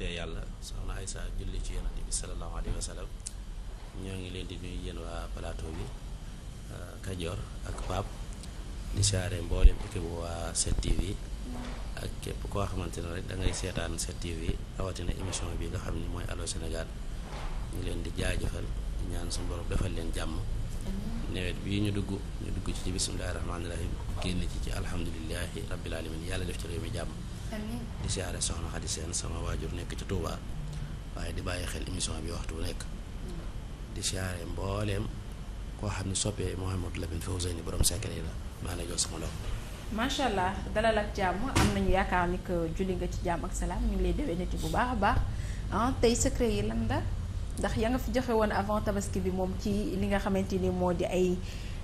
te yàlla soxna Aysa julli ci yonent bi salallaahu alayhi wa ñoo ngi leen di nuyu yéen waa plateau bi euh, Kajoor ak Pape di siyaare mboolem équipe waa 7TV ak képp koo xamante ne rek da ngay seetaan 7TV rawatina émission bi nga xam ni mooy Allô Sénégal ñu leen di jaajëfal ñaan suñu borom defal leen jàmm nawet bii ñu dugg ñu dugg ci ci bismillaahi rahmaani rahim génn ci ci alhamdulilahi rabbil alamin yàlla def ci réew mi jàmm di siyaare soxna Xadi Seen sama waajur nekk ci Touba waaye di bàyyi xel émission bi waxtu bu nekk di siyaare mbooleem koo xam ne soppee Mouhamadou Lamine Fawzeyni borom secret yi la maa ngi lay jox sama loxo. macha allah dalal ak jàmm am nañu yaakaar ni que julli nga ci jàmm ak salaam ñu ngi lay déwénati bu baax baax ah tey secret yi lan la ndax yaa nga fi joxe woon avant tabaski bi moom ci li nga xamante ni moo di ay.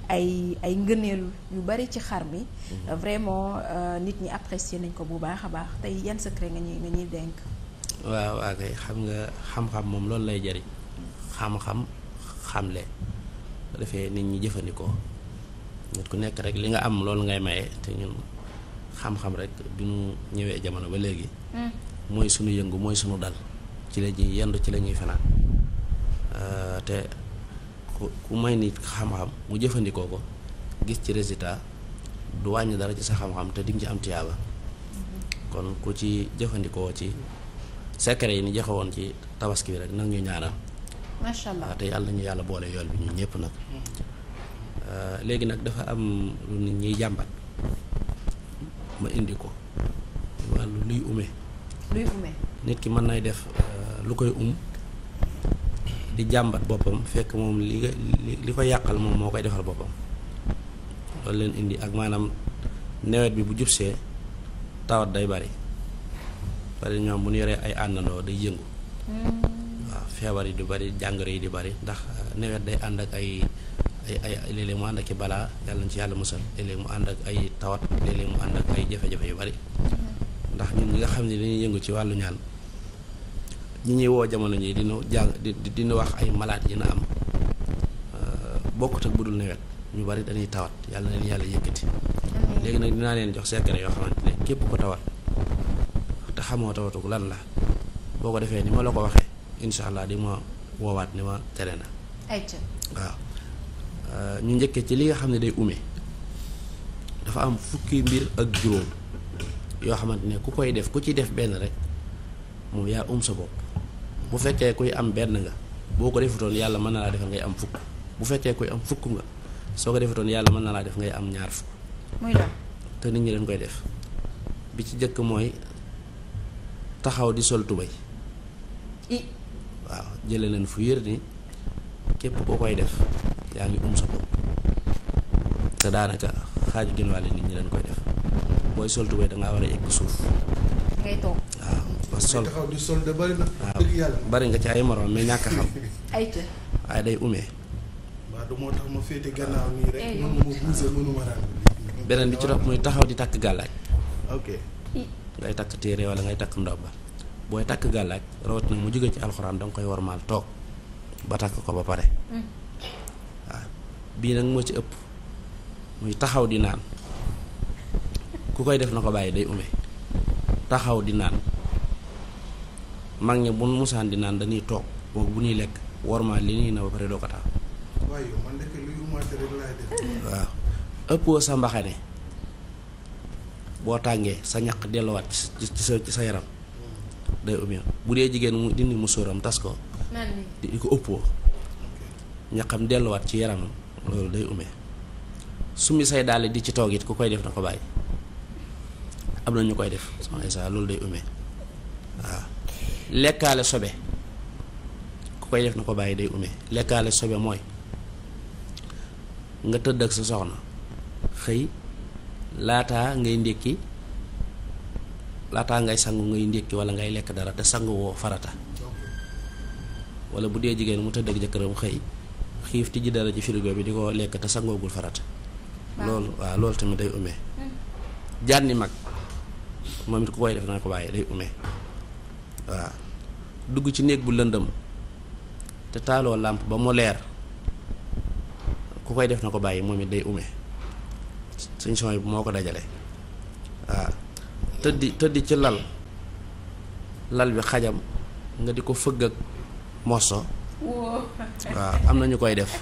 ay ay ngëneelu yu bari ci xar bi mhm. vraiment euh, nit ñi apprécier nañ ko bu baax a baax tey yan secret nga ñuy nga ñuy dénk waaw waaw kay xam nga xam-xam moom loolu lay jariñ xam-xam xamle bu defee nit ñi jëfandikoo nit ku nekk rek li nga am loolu ngay maye te ñun xam-xam rek bi ñëwee jamono ba léegi mm. mooy sunu yëngu mooy sunu dal ci la ñuy yendu ci lañuy ñuy fanaan euh, te ku ku may nit xam-xam mu jëfandikoo ko gis ci résultat du wàññi dara ci sa xam-xam te dim ci am tiyaaba kon ku ci jëfandikoo ci secret yi ni joxe woon ci tabaski bi rek nag ñu ñaanal. macha allah te yàlla ñu yàlla boole yoon bi ñun ñëpp nag. Euh, léegi nag dafa am lu nit ñiy jàmbat ma indi ko luy ume luy ume nit ki mën nay def euh, lu koy um. di jàmbat boppam fekk moom li li ko yàqal moom moo koy defar boppam loolu leen indi ak maanaam nawet bi bu jubsee tawat day bari bari ñoom bu ñu yoree ay àndandoo day yëngu hmm. waaw feebar yi di bari jàngoro yi di bari ndax euh, nawet day ànd ay ay ay léeg balaa yàlla na ci yàlla musal léeg-léeg mu ànd ak tawat léeg mu ànd ak ay yu bari hmm. ndax ñun ñi nga xam ne dañuy yëngu ci wàllu ñaan ñi ñuy woo jamono ji dina jàng dina wax ay malade yi na am euh, bokkut ak bu dul nawet ñu bari dañuy tawat yàlla yàlla yëkkati. léegi nag dinaa leen jox secret yoo xamante ne képp ko tawat te xamoo tawatu lan la boo ko defee ni ma ko waxee incha allah di ma woowaat ni ma tere na. Euh, ñu njëkkee ci li nga xam ne day ume dafa am fukki mbir ak juróom yoo xamante ne ku koy def ku ci def benn rek moom yaa um sa bopp. bu fekkee kuy am benn nga boo ko defutoon yàlla mën na laa ngay am fukk bu fekkee kuy am fukk soo ko defutoon yàlla mën na laa def ngay am ñaar fukk. muy la te nit ñi dañ koy def bi ci njëkk mooy taxaw di sol tubéy waaw jëlee leen fu yër ni képp koo koy def yaa ngi um sa bopp te daanaka xaaju gën wàll nit ñi dañ koy def booy sol tubay da ngaa war a egg suuf. sol taxaw bari nga ci ay morom mais ñàkk xam. waaye day umee. ma féete gannaaw nii rek beneen bi ci topp muy taxaw di takk gàllaaj. ok. ngay takk téere wala ngay takk ndomba booy takk gàllaaj rawatina mu jóge ci alxuraan danga koy war warmaal toog ba takk ko ba pare. Mm. waaw bii nag moo ci ëpp muy taxaw di naan ku koy def na ko bàyyi day umee taxaw di naan. mag ñi bu musaan di naan dañuy toog boobu bu ñuy lekk wormaal li ñuy na ba pare doo ko taal. waaw ëppoo sa mbaxane boo tàngee sa ñaq delluwaat ci sa yaram day umé bu dee jigéen dindi musóoram tas ko. di ko ëppoo. ñaqam delluwaat ci yaramam loolu day umé su say daal di ci toog ku koy def na ko bàyyi am na ñu koy def soxna Isa loolu day umé waaw. lekkaale sobe ku koy def na ko bàyyi day ume lekkaale sobe mooy nga tëdd ak sa soxna xëy laata ngay ndékki laataa ngay sangu ngay ndékki wala ngay lekk dara te sanguwoo farata wala bu dee jigéen mu tëdd ak jëkkëram xëy xiif tijji dara ci frigo bi di ko lekk te sangoogul farata loolu waaw loolu tamit day ume hmm. jànni mag moom it ku koy def na ko bàyyi day ume waaw dugg ci néeg bu lëndëm te taaloo làmp ba mu leer ku koy def na ko bàyyi moom it day ume suñ sooy moo ko dajale waaw tëddi tëddi ci lal lal bi xajam nga di ko fëgg ak moso waaw am na ñu koy def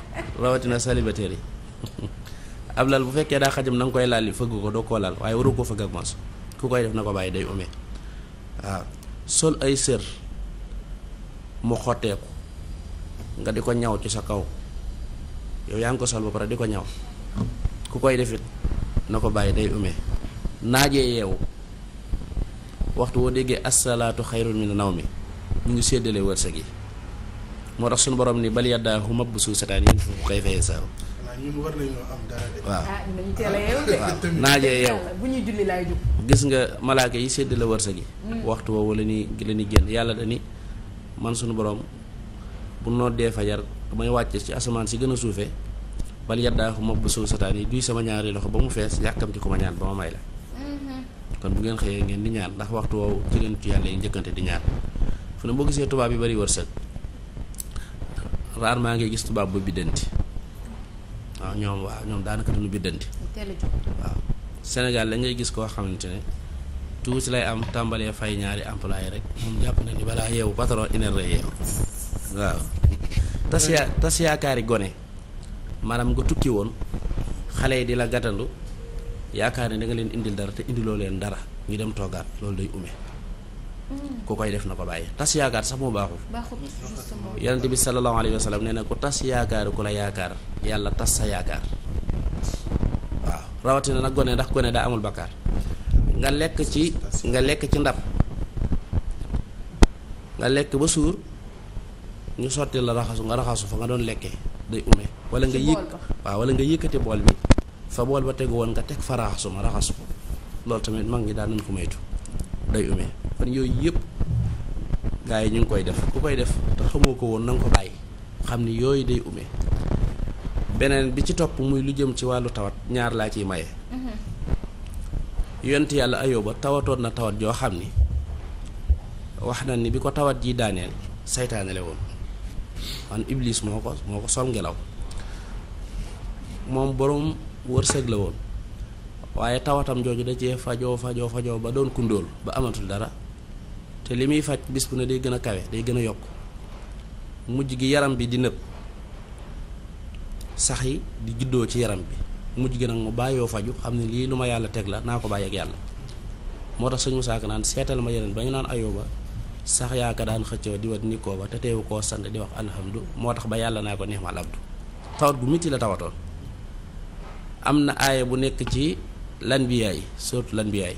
rawatina célibataire yi ab lal bu fekkee daa xajam na nga koy laal li fëgg ko doo koo laal waaye waru ko fëgg ak moso ku koy def na ko bàyyi day ume waaw sol ay sër mu xotteeku nga di ko ñaw ci sa kaw yow yaa ngi ko sol ba pare di ko ñaw ku koy defit na ko bàyyi day umee naajee yeewu waxtu woo déggee asalaatu xayrun min naw mi mu ngi séddale wërsëg yi moo tax sunu borom ni bal yaddaahu mabsuusataani yunfiqu kayfa yashaa ñun war nañoo am dara de. Ah, de. waaw bu ñuy julli laay gis nga malaaka yi sedd la wërsëg yi. Mm. waxtu woowu la ñuy la génn yàlla dani man suñu borom bu noddee fajar damay wàcce ci asamaan si gën a suufee bal yaddaahu mabbu suuf sataan yi duy sama ñaari loxo ba mu fees yàkkamti ko ma ñaan ba ma may la. Mm-hmm. kon bu ngeen xëyee ngeen di ñaan ndax waxtu woowu ci leen ci yàlla yi njëkkante di ñaan fu ne boo gisee tubaab yi bari wërsëg maa ngi gis tubaab bu biddanti ñoom waaw ñoom daanaka duñu biddanti waaw Sénégal la ngay gis koo xamante ne tuuti lay am tàmbalee fay ñaari employé rek moom jàpp na ni balaa yeewu patron iner lay yeewu waaw tas yaakaari gone maanaam nga tukki woon xale yi di la gàttandu yaakaar ne da leen indil dara te indiloo leen dara ñu dem toogaat loolu day ume Mm. ku koy def na ko bàyyi tas yaakaar sax moo baaxul yonente bi sallallahu alayhi wa sallam nee na ku tas yaakaar ku la yaakaar yàlla tas sa yaakaar waaw rawatina nag gone ndax gone daa amul bakkaar nga lekk ci nga lekk ci ndab nga lekk ba suur ñu sotti la raxasu nga raxasu fa nga doon lekkee day ume wala nga yëg waaw wala nga yëkkati bool bi fa bool ba tegu woon nga teg fa raxasu ma raxasu loolu tamit mag ñi daan nañ ko moytu day umee kon yooyu yëpp gaa yi ñu ngi koy def ku koy def te xamoo ko woon na nga ko bàyyi xam ni yooyu day ume beneen bi ci topp muy lu jëm ci wàllu tawat ñaar laa ciy maye. yont yàlla ayóba tawatoon na tawat joo xam ni wax na ni bi ko tawat ji daaneel seytaanale woon man iblis moo ko moo ko sol ngelaw moom boroom wërsëg la woon waaye tawatam jooju da cee fajoo fajoo fajoo ba doon kundóol ba amatul dara te li muy faj bis bu ne day gën a kawe day gën a yokk mujj gi yaram bi di nëb sax yi di juddoo ci yaram bi mujj gi nag mu bàyyoo faju xam ne lii lu ma yàlla teg la naa ko bàyyi ak yàlla moo tax sëñ Musaa Ka naan seetal ma yeneen ba ñu naan ayooba sax yaaka daan xëccoo di wat ni koo ba te teewu koo sant di wax alhamdu moo tax ba yàlla naa ko neex ma abdu tawat bu metti la tawatoon lanbiyaay sóotu lanbiyaay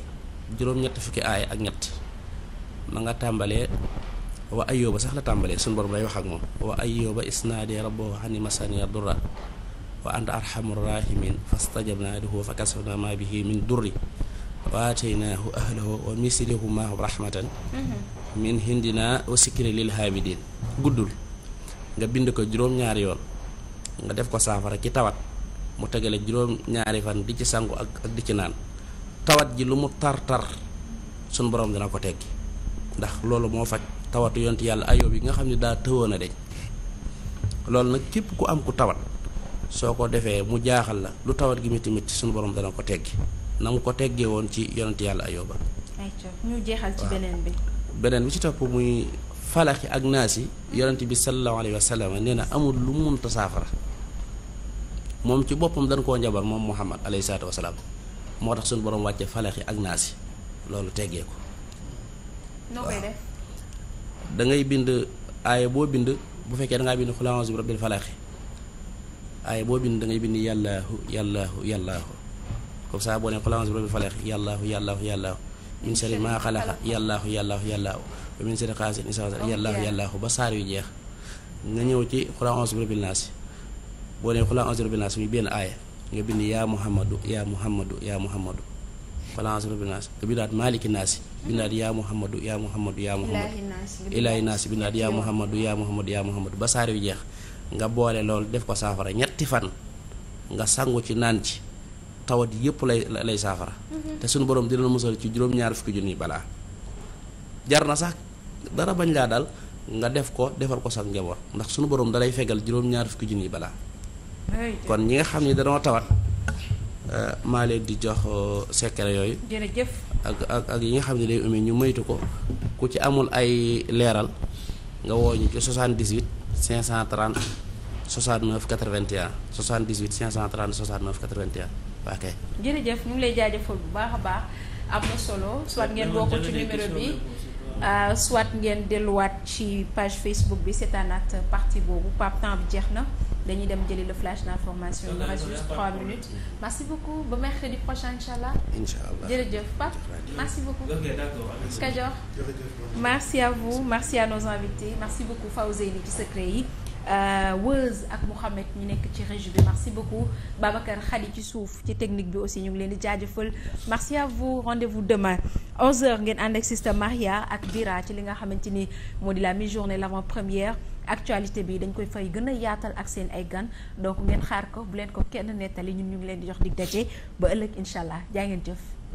juróom-ñett fukki aaya ak ñett ma nga tàmbalee wa ayyooba sax la tàmbalee suñu borom lay wax ak moom wa ayyooba isnaadee rabbahu ani masaniya durra wa anta arhamur rahimin fastajabnaa lahu fa kasafnaa maa bihi min durri wa aataynaahu ahlahu wa mislahu maahum rahmatan min wa sikri lil haamidin guddul nga bind ko juróom-ñaari yoon nga def ko saafara ci tawat mu tegale juróom ñaari fan di ci sangu ak ak di ci naan tawat ji lu mu tar tar sunu borom dana ko teggi ndax loolu moo faj tawatu yonent yàlla ayoob yi nga xam ne daa tëwoon a deñ loolu nag képp ku am ku tawat soo ko defee mu jaaxal la lu tawat gi métti métti sunu borom dana ko teggi na mu ko teggee woon ci yonent yàlla ayooba ñu jeexal ci beneen bi ci topp muy falaxi ak naasi yonent bi sallallahu alayhi wa nee na amul lu mu mënta saafara moom ci boppam dañ koo njabar moom muhammad alay salaatu wasalaam moo tax suñu borom wàcce falax ak naas yi loolu teggee ko noo bind aaya boo bind bu fekkee da bind xul a'uuzu bi rabbil falax aaya boo bind da ngay bind yàllaahu yàllaahu yàllaahu comme ça boo ne xul a'uuzu bi rabbil falax yàllaahu yàllaahu yàllaahu min sharri maa xalaqa yàllaahu yàllaahu yàllaahu wa min ba saar yu jeex nga ñëw ci xul a'uuzu bi rabbil naas boo nee xulaa anzur bi aaya nga bind yaa muhammadu yaa muhammadu yaa muhammadu xulaa anzur bi naas nga bindaat maaliki naasi bindaat yaa muhammadu yaa muhammadu yaa muhammadu ilaahi naasi bindaat yaa muhammadu yaa muhammadu yaa muhammadu ba saar jeex nga boole loolu def ko saafara ñetti fan nga sangu ci naan ci tawat yépp lay lay saafara mhm. te sunu borom dina la musal ci juróom-ñaar fukki junni balaa jar na sax dara bañ laa dal nga def ko defal ko sax njaboot ndax suñu borom dalay fegal juróom-ñaar fukki junni balaa kon ñi nga xam ni danoo tawat eh, maa leen di jox eh, secret yooyu. jërëjëf ak ak ak yi nga xam ne day umee ñu moytu ko ku ci amul ay leeral nga woo ñu ci 78 530 69 81 78 530 69 81 ok. jërëjëf ñu ngi lay jaajëfal bu baax a baax am na solo soit ngeen bokk ci numéro ah, ngeen delluwaat ci page Facebook bi seetaanaat partie boobu Pape temps bi jeex na. dañuy dem jëli le flash d'information il reste juste trois minutes merci beaucoup ba mercredi prochain incha allah. incha allah jërëjëf Pape merci beaucoup. ok d'accord Kajoor merci à vous merci à nos invités merci beaucoup Fawzeyni ci secret yi. Euh, Weuz ak Mouhamed ñu nekk ci régie bi merci beaucoup Babacar Khady ci suuf ci technique bi aussi ñu ngi leen di jaajëfal merci à vous rendez-vous demain 11h ngeen ànd ak Maria ak Dira ci li nga xamante ni moo di la mi-journée l'avant-première. actualité bi dañ koy fay gën a yaatal ak seen ay gan donc ngeen xaar ko bu leen ko kenn nettali ñun ñu ngi leen di jox dig daje ba ëllëg incha allah jaa ngeen jëf